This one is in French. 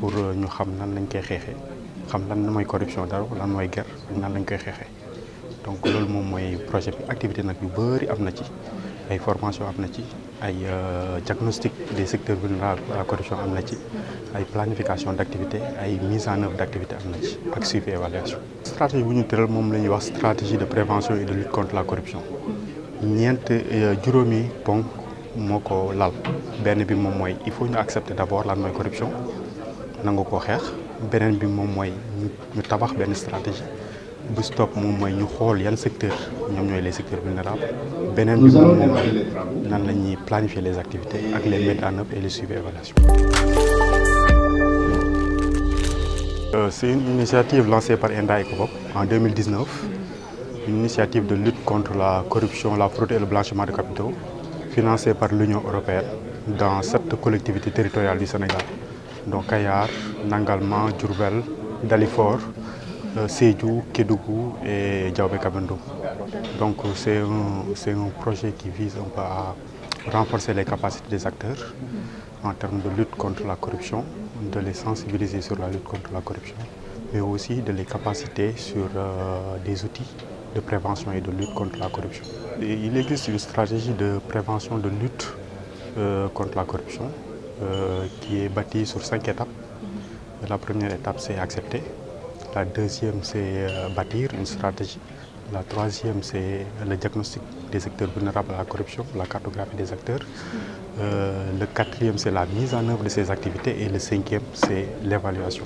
pour euh, ñu xam nan lañ koy xeexee xam lan corruption ce lan mooy guerre, ce nan lañ koy donc nous avons des projet bi activité nag yu bëri am na ci ay formation am euh, diagnostic des secteurs vulnérables la corruption des ci ay planification d'activité, mise en œuvre d'activités, activité am na ci ak suivi stratégie bu la stratégie de prévention et de lutte contre la corruption ñeent euh, juróomi ponk moko lal il faut accepter d'abord la corruption nous avons stratégie bu stop mom ñu secteur les secteurs vulnérables Nous bi planifier les activités ak les mettre en œuvre et les suivre évaluation euh, C'est une initiative lancée par ENDA EcoVoc en 2019, une initiative de lutte contre la corruption, la fraude et le blanchiment de capitaux, financée par l'Union européenne dans cette collectivité territoriale du Sénégal donc Kayar, Nangalma, Djurbel, Dalifor, euh, Sejou, Kedougou et Djaoube Kabendo. Donc c'est un, projet qui vise à renforcer les capacités des acteurs en termes de lutte contre la corruption, de les sensibiliser sur la lutte contre la corruption, mais aussi de les capaciter sur euh, des outils de prévention et de lutte contre la corruption. il existe une stratégie de prévention de lutte euh, contre la corruption euh, qui est bâti sur cinq étapes. Mhm. La première étape, c'est accepter. La deuxième, c'est euh, bâtir une stratégie. La troisième, c'est le diagnostic des secteurs vulnérables à la corruption, la cartographie des acteurs. Mhm. Euh, le quatrième, c'est la mise en œuvre de ces activités. Et le cinquième, c'est l'évaluation.